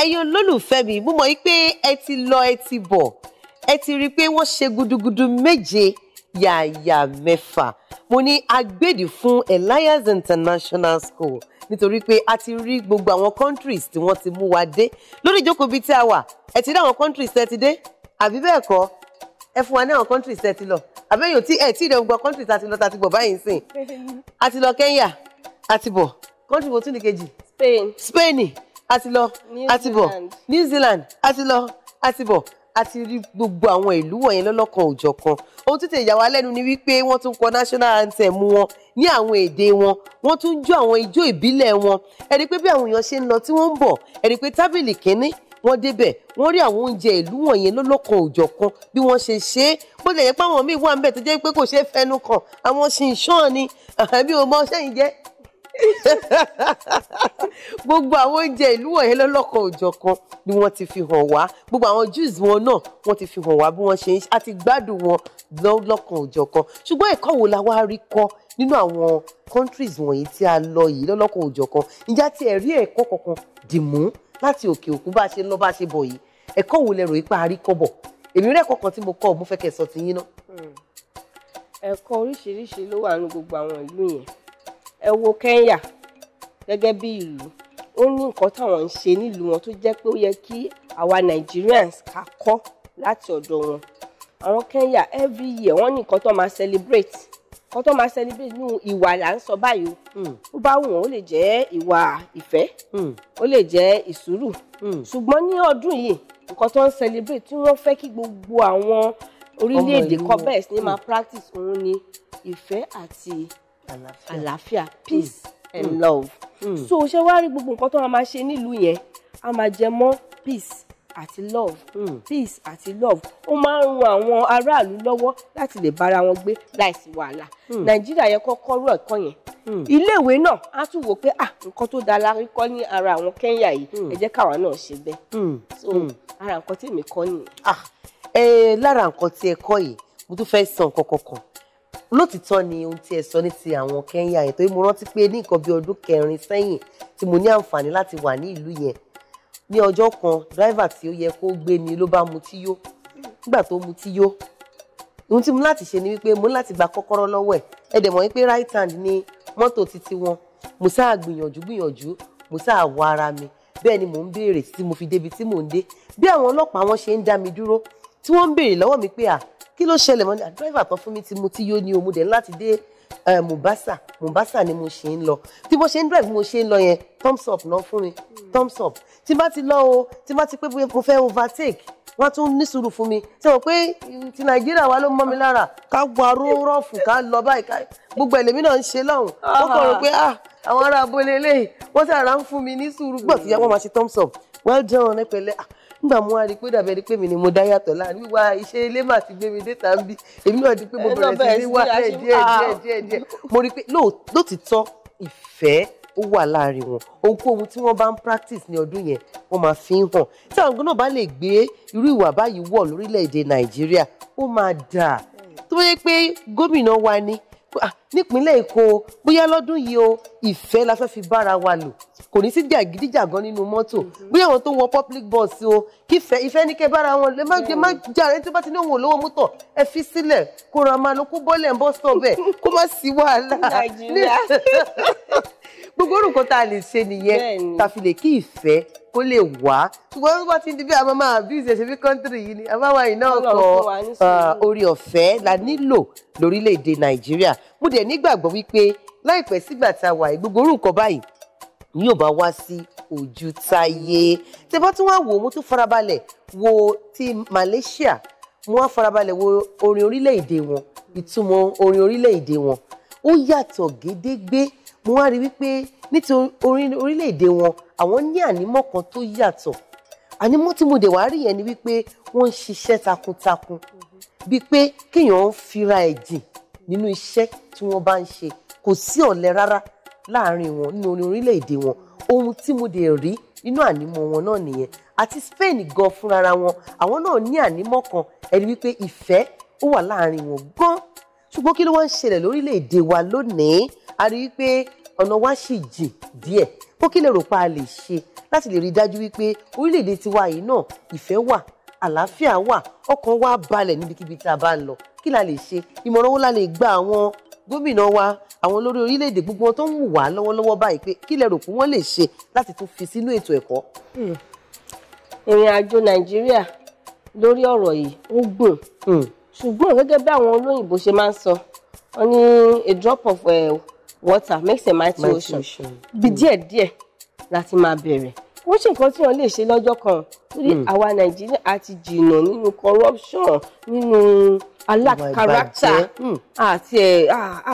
ẹ̀yin olólùfẹ́ mi mo mọ̀ pé ẹ ti lọ ẹ ti bọ̀ ẹ ti rí i pé wọ́n ṣe gudugudu méje yàyà mẹ́fà mo ní agbèdì fún Elias International School nítorí pé a ti rí gbogbo àwọn countries tí wọ́n ti mú wa dé lórí ìjókòó bíi tí a wà ẹ ti rí àwọn countries tẹ́ ti dé àbí bẹ́ẹ̀ kọ́ ẹ fún wa ní àwọn countries tẹ́ ti lọ àbẹ́yìn tí ẹ tí ìdẹ̀ gbogbo countries tá ti lọ tá ti bọ̀ báyìí sìn a ti lọ Kenya a ti bọ̀ country wo tún ní kejì Spain Spain a ti lọ a ti bọ̀ New Zealand a ti lọ a ti bọ̀ a ti rí gbogbo àwọn ìlú wọ̀nyẹn lọ́lọ́kan òjọ̀ kan ohun tó tètè yà wá lẹ́nu ni wípé wọ́n tún kọ national anthem wọn ní àwọn èdè wọn wọ́n tún jó àwọn ijó ìbílẹ̀ wọn ẹ rí pé bí àwọn èèyàn ṣe ń lọ tí wọ́n ń bọ̀ ẹ pé tábìlì kínní wọ́n débẹ̀ wọ́n rí àwọn oúnjẹ ìlú wọ̀nyẹn lọ́lọ́kan òjọ̀ kan bí wọ́n ṣe ṣe é bó lè yẹ pé àwọn míì wà ń bẹ̀ tó jẹ́ pé kò ṣeé fẹnu kàn àwọn ṣìnṣán ni àbí o mọ ṣẹ́yìn jẹ́ gbogbo àwọn oúnjẹ ìlú wọ̀nyẹn lọ́lọ́kan òjọ̀kan ni wọ́n ti fi hàn wá gbogbo àwọn juice wọn náà wọ́n ti fi hàn wá bí wọ́n ṣe ń ṣe àti gbádùn wọn lọ́lọ́kan òjọ̀kan ṣùgbọ́n ẹ̀kọ́ wo la wá rí kọ́ nínú àwọn countries wọ̀nyí tí a lọ yìí lọ́lọ́kan òjọ̀kan ìjà tí ẹ̀rí ẹ̀kọ́ kankan dì mú láti òkè òkun bá a ṣe lọ bá a ṣe bọ̀ yìí ẹ̀kọ́ wo lẹ rò yí pa àríkọ́ bọ̀ èmi rẹ̀ kọ̀ọ̀kan tí mo kọ́ mo fẹ́ kẹ́ sọ ti yín náà. Hmm. ẹ̀kọ́ oríṣiríṣi ló wà ní gbogbo àwọn ìlú yẹn ẹ wo Kenya gẹ́gẹ́ bí ìlú ó ní nǹkan táwọn ń ṣe nílùú wọn tó jẹ́ pé ó yẹ kí àwa Nigerians ká kọ́ láti ọ̀dọ̀ wọn àwọn Kenya every year wọ́n ní nǹkan tó máa celebrate nǹkan tó máa celebrate nínú ìwà là ń sọ báyìí hmm. ó bá wù wọ́n ó lè jẹ́ ìwà ìfẹ́ hmm. ó lè jẹ́ ìsúrù hmm. ṣùgbọ́n ní ọdún yìí nǹkan tó ń celebrate tí wọ́n fẹ́ kí gbogbo àwọn orílẹ̀-èdè kọ́ sí ni máa practice òun ni ìfẹ́ àti àlàáfíà mm. peace mm. and love mm. so ṣé wàá rí gbogbo nǹkan tó máa máa ṣe nílùú yẹn a máa jẹ mọ́ peace àti love mm. peace àti love ó máa ń ran àwọn aráàlú lọ́wọ́ láti lè bára wọn gbé láìsí wàhálà nàìjíríà yẹ kọ́kọ́ rú ẹ̀kọ́ yẹn iléèwé náà á tún wò pé ah nǹkan tó dára kọ́ ní ara àwọn kẹ́ńyà yìí ẹ jẹ́ káwa náà ṣe bẹ́ẹ̀ so ara nǹkan tí èmi kọ́ nìyẹn. Ah, eh, lára nǹkan tí ẹ kọ́ yìí mo tún fẹ́ sàn kankan kan lótìtọ́ ni ohun tí ẹ sọ ní ti àwọn Kẹ́ńyà yẹn torí mo rántí pé ní nǹkan bíi ọdún kẹrin sẹ́yìn tí mo ní àǹfààní láti wà ní ìlú yẹn ní ọjọ́ kan dráìvà tí ó yẹ kó gbé mi ló bá mutí yó nígbà tó mutí yó ohun tí mo láti ṣe ni wípé mo láti gba kọ́kọ́rọ́ lọ́wọ́ ẹ̀ ẹ dẹ̀ mọ̀ wípé right hand ni mọ́tò titi wọn mo sáà gbìyànjú gbìyànjú mo sáà wọ ara mi bẹ́ẹ̀ ni mò ń béèrè tí mo fi débi tí mò ń dé bí àwọn ọlọ́pàá wọn ṣe ń dá mi dúró tí wọ́n ń béèrè lọ́wọ́ mi pé à kí ló ṣẹlẹ̀ mọ́ ní àdúrà kan fún mi ti mu tí yóò ní òmùdẹ̀ láti dé eh, Mombasa Mombasa ni mo ṣe ń lọ tí mo ṣe ń drive mo ṣe ń lọ yẹn thumbs up náà fún mi thumbs up tí bá ti lọ o tí bá ti pé mo fẹ́ overtake wọ́n tún ní sùúrù fún mi ṣe wọ́n pé ti nàìjíríà wa ló mọ́ mi lára ká wà rọ́ọ̀fù ká lọ báyìí ká gbogbo ẹ̀lẹ́mí náà ń ṣe lọ́hùn ó kàn rò pé ah àwọn ará abúlé eléyìí wọ́n sàrà ń fún mi ní sùúrù gbọ̀ tí wọ́n máa ṣe thumbs up well done ẹ pẹ̀lẹ́ ah nígbà mo wá rí i pé dàbí ẹni pé mi ni mo dá yàtọ̀ láàrin wíwá iṣẹ́ ilé mà ti gbé mi dé tàn bí èmi náà di pé mo bẹ̀rẹ̀ sí ní wá díẹ̀ ah. díẹ̀ díẹ̀ díẹ̀ mo rí i pé lóòtítọ́ ìfẹ́ ó wà láàrin wọn ohunkóhun tí wọ́n bá ń practice ní ọdún yẹn wọ́n máa fi ń hàn tí àwọn ọgbọ́n náà bá lè gbé irú ìwà báyìí wọ̀ lórílẹ̀‐èdè nàìjíríà ó máa dà tó bá yẹ pé gómìnà wa ni Ah, nípínlẹ̀ èkó bóyá lọ́dún yìí o ìfẹ́ la fẹ́ fi bára wa lò kò ní sí jàgídíjàgan nínú mọ́tò bóyá àwọn tó wọ public bus o kí ìfẹ́ ìfẹ́ ní kẹ́ bára wọn lè má jẹ má jà rẹ tí ó bá ti ní òun ò lówó mọ́tò ẹ fi sílẹ̀ kó ra máa lọ kó bọ́lẹ̀ ń bọ́ sọ bẹ́ẹ̀ kó má sí wàhálà gbogbo orúkọ tá a lè ṣe nìyẹn tá a fi lè kí ìfẹ́ kó lè wá ṣùgbọ́n tó bá ti di bí a máa máa bí ìṣẹ̀ṣẹ̀ bí kọ́ńtìrì yìí ni àbáwá iná ọkọ̀ ah, orí ọ̀fẹ́ la nílò lórílẹ̀‐èdè nàìjíríà mo dẹ̀ nígbàgbọ́ wípé láìpẹ́ sígbà tá a wà yìí gbogbo orúkọ báyìí ni yóò bá wá sí ojú táyé tẹ bá tún wá wò mo tún farabalẹ̀ wo ti Malaysia mo wá farabalẹ̀ wo orin orílẹ̀-èdè wọn ìtumọ̀ orin orílẹ̀-èdè wọn ó yàtọ̀ gédégbé mo wá rí wípé nítorí orílẹ̀-èdè wọn àwọn ní ànímọ́ kan tó yàtọ̀ ànímọ́ tí mo dẹ̀ wá rí yẹn ni wípé wọ́n ń ṣiṣẹ́ takuntakun bíi pé kéèyàn ń fira ẹ̀jìn nínú iṣẹ́ tí wọ́n bá ń ṣe kò sí ọ̀lẹ rárá láàárín wọn nínú orílẹ̀-èdè wọn ohun tí mo dẹ̀ rí nínú ànímọ́ wọn náà nìyẹn àti Spain gan fúnra wọn àwọn náà ní ànímọ́ kan ẹni wípé ìfẹ́ ó wà láàárín wọn gan ṣùgbọ́n kí ló wá ń ṣẹlẹ̀ lórílẹ̀-èdè wa lónìí a rí i pé ọ̀nà wa ṣì jìn díẹ̀ ó kí lè rò pa a lè ṣe láti lè rí i dájú wípé orílẹ̀-èdè tiwa yìí náà ìfẹ́ wà àlàáfíà wà ọkàn wa balẹ̀ níbikíbi tá a bá ń lọ kí la lè ṣe ìmọ̀ràn wo la lè gba àwọn gómìnà wa àwọn olórí orílẹ̀-èdè gbogbo wọn tó ń wù wá lọ́wọ́lọ́wọ́ báyìí pé kí lè rò pé wọ́n lè ṣe láti tún fi sínú ètò ẹ̀kọ́. Hmm. ìrìn àjò nàìjíríà lórí ọ̀rọ̀ yìí ó gùn hmm. ṣùgbọ́n gẹ́gẹ́ bí àwọn olóyìnbó ṣe máa ń sọ wọ́n ní a drop of uh, water makes a mighty ocean bí díẹ̀ díẹ̀ láti máa bẹ̀rẹ̀ wọ́n ṣe nǹkan tí wọ́n lè ṣe lọ́jọ́ kan lórí hmm. àwa nàìjíríà àti jìnnà nínú corruption nínú alákarakta hmm. àti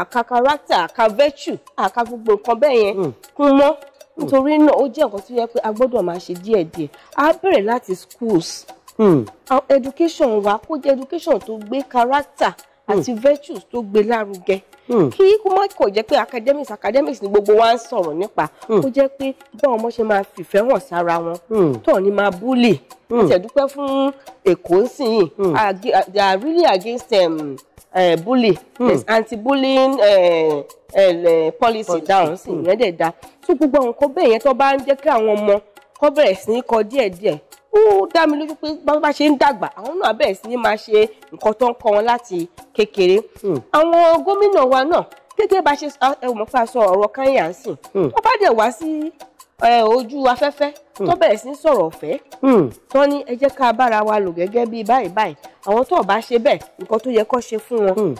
àkàkarakta àkàvẹ́tù àkàgbogbo nǹkan bẹ́ẹ̀ yẹn hmm. kún mọ́ nítorí náà ó jẹ́ nǹkan tó yẹ pé a gbọ́dọ̀ máa ṣe díẹ̀díẹ̀ a bẹ̀rẹ̀ láti schools education wa kó jẹ́ education tó gbé character àti virtues tó gbé lárugẹ. Hmm. kí má kò jẹ́ pé academics academics ni gbogbo wa ń sọ̀rọ̀ nípa hmm. ó jẹ́ pé báwọn ọmọ ṣe máa fìfẹ́ hàn sára wọn hmm. tó ní máa búlì ìṣẹ̀dúpẹ́ fún èkó nsìnyìn they are really against um, uh, bully there's anti-bullying uh, uh, policy down sí ìyẹn dẹ̀ da so gbogbo àwọn nǹkan bẹ́ẹ̀ yẹn tó bá ń jẹ́ kí àwọn ọmọ kọ́ bẹ̀rẹ̀ sí í kọ díẹ̀díẹ̀ ó dá mi lójú pé bá ṣe ń dàgbà àwọn náà bẹ̀rẹ̀ sí ní máa ṣe nǹkan tó ń kọ́ wọn láti kékeré hmm. àwọn gómìnà wa náà gẹ́gẹ́ bá ṣe ẹ̀wọ̀n pa sọ ọ̀rọ̀ kányà ń sìn hmm. wọ́n bá dẹ̀ wá sí ojú afẹ́fẹ́ hmm. tó bẹ̀rẹ̀ sí sọ̀rọ̀ ọ̀fẹ́ tó ní ẹ jẹ́ ká bára wa lò gẹ́gẹ́ bíi báyìí báyìí àwọn tó bá ṣe bẹ́ẹ̀ nǹkan tó yẹ kó ṣe fún wọn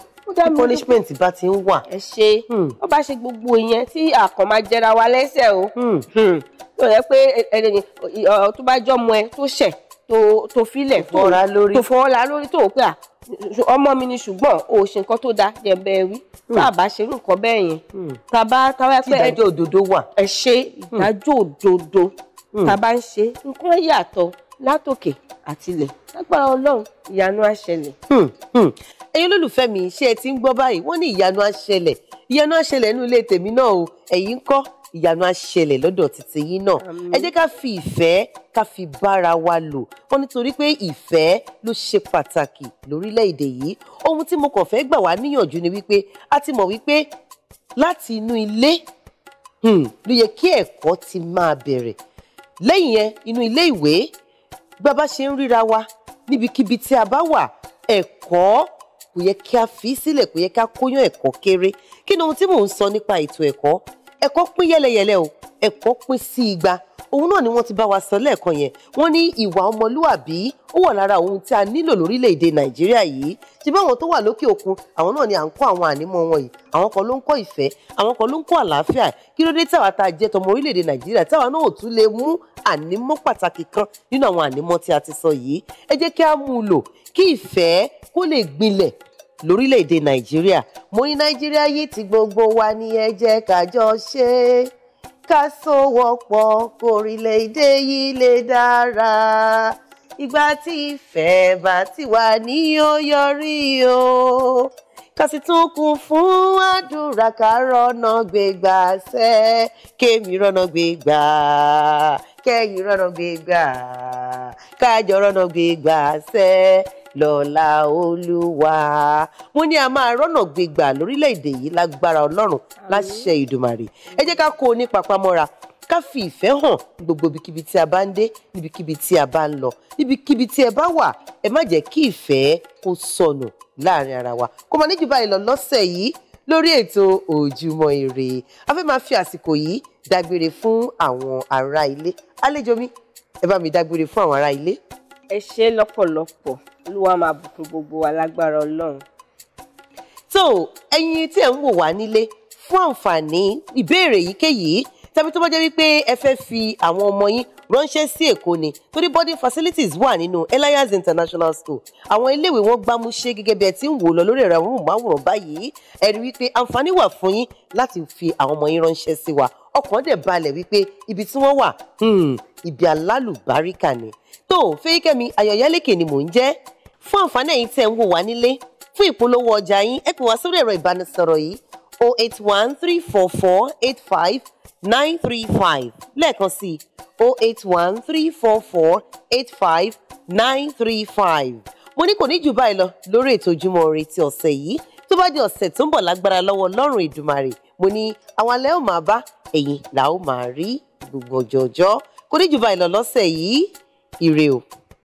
punishment bá ti ń wà. ẹ ṣe hmm. ó bá ṣe gbogbo ìyẹn tí àkàn máa jẹra wa lẹ́sẹ̀ o hmm. hmm. yóò rẹ pé tó bá jọmọ ẹ tó ṣẹ̀ tó filẹ̀ tó fọwọ́ra lórí tó pé ọmọ mi ni ṣùgbọ́n o ṣe nǹkan tó dáa yẹn bẹ́ẹ̀ wí tá a bá ṣe nǹkan bẹ́ẹ̀ yẹn tá a bá ẹ ṣe ìdájọ́ òdodo tá ń ṣe nǹkan yàtọ̀ látòkè àtilẹ̀ lágbára ọlọ́run ìyanu á ẹ̀yin olólùfẹ́ mi ṣé ẹ ti ń gbọ́ báyìí wọ́n ní ìyanu á ṣẹlẹ̀ ìyanu á ṣẹlẹ̀ nínú ilé tèmi náà o ẹ̀yin kọ́ ìyanu á ṣẹlẹ̀ lọ́dọ̀ títí yín náà ẹ jẹ́ ká fi ìfẹ́ ká fi bára wa lò wọ́n nítorí pé ìfẹ́ ló ṣe pàtàkì lórílẹ̀‐èdè yìí ohun tí mo kàn fẹ́ gbà wá níyànjú ni wípé a ti mọ̀ wípé láti inú ilé hmm, ló yẹ kí ẹ̀kọ́ ti máa bẹ̀rẹ̀ lẹ́yìn yẹn inú ilé ìwé kò yẹ kí a fi sílẹ̀ kò yẹ kí a kóyán ẹ̀kọ́ kéré kí ni ohun tí mò ń sọ nípa ètò ẹ̀kọ́ ẹ̀kọ́ pín yẹ́lẹyẹ̀lẹ o ẹ̀kọ́ pín sí igba òun náà ni wọ́n ti bá wa sọ lẹ́ẹ̀kan yẹn wọ́n ní ìwà ọmọlúwàbí ó wà lára ohun tí a nílò lórílẹ̀‐èdè nàìjíríà yìí ti bá àwọn tó wà lókè òkun àwọn náà ni à ń kọ́ àwọn ànímọ́ wọn yìí àwọn kan ló ń kọ́ ìfẹ́ àwọn kan ló ń kọ́ àlàáfíà kí ló dé táwa tá jẹ́ tọmọ orílẹ̀‐èdè nàìjíríà táwa náà ò tún lè mú ànímọ́ pàtàkì kan nínú àwọn ànímọ́ tí a ti sọ yìí ẹ jẹ́ kí a mú un lò kí ìfẹ́ kó lè gbilẹ̀ lórílẹ̀‐èdè nàìjíríà mo ní nàìjíríà yìí ti gbogbo wa ni ẹ jẹ́ ká ṣe é ká sowọ́pọ̀ kórílẹ̀-èdè yìí lè dára ìgbà tí ìfẹ́ bá ti wà ní ó yọrí o ká sì tún kún fún àdúrà ká rọ́nà gbégbà sẹ́ kémi rọ́nà gbégbà kẹ́yìn rọ́nà gbégbà kájọ rọ́nà gbégbà sẹ́ lọ́lá olúwa mo ní a máa rọ́nà gbégbà lórílẹ̀‐èdè yìí lágbára ọlọ́run láṣẹ ìdùmàrè ẹ jẹ́ ká kó o ní papamọ́ra ká fi ìfẹ́ hàn gbogbo ibikíbi tí a bá ń dé níbikíbi tí a bá ń lọ níbikíbi tí ẹ bá wà ẹ má jẹ́ kí ìfẹ́ kó sọnù láàrin ara wa kó máa níjú báyìí lọ lọ́sẹ̀ yìí lórí ètò Ojúmọ́ Ire a máa fi àsìkò yìí dágbére fún àwọn ará ilé àlejò mi ẹ bá mi dágbére fún àwọn ará ilé. ẹ ṣé lọ́pọ̀lọpọ̀ olúwa máa bùkún gbogbo wa lágbára ọlọ́run. tó ẹ̀yin tí ẹ ń wò wá nílé fún àǹfààní ìbéèrè yíkéyìí tàbí tó bá jẹ́ wípé ẹ fẹ́ fi àwọn ọmọ yín ránṣẹ́ sí èkó ni torí boarding facilities wà nínú Elias International School àwọn iléèwé wọn gbámúṣé gẹ́gẹ́ bí ẹ ti ń wò lọ lórí ẹ̀rọ amóhùnmáwòrán báyìí ẹ rí wípé àǹfààní wà fún yín láti fi àwọn ọmọ yín ránṣẹ́ sí wa ọkàn dẹ̀ balẹ̀ wípé ibi tí wọ́n wà hmm, ibi alálùbáríkà ni tó Fẹ́yíkẹ́mi Ayọ̀yálékè ni mò ń jẹ́ fún àǹfààní ẹ̀yin tẹ́ ń wò wá nílé fún ìpolówó ọjà yín ẹ pè wá sórí ẹ̀rọ ìbánisọ̀rọ̀ yìí 08134485935 lẹ́ẹ̀kan sí 08134485935 mo ní kò ní jù báyìí lọ lórí ètò Ojúmọ́ Ire ti ọ̀sẹ̀ yìí tó bá di ọ̀sẹ̀ tó ń bọ̀ lágbára lọ́wọ́ Ọlọ́run Èdùmàrè mo ní àwa lẹ́ ò máa bá ẹ̀yin là ó máa rí gbogbo ọjọ́ọjọ́ kò ní jù báyìí lọ lọ́sẹ̀ yìí ire o.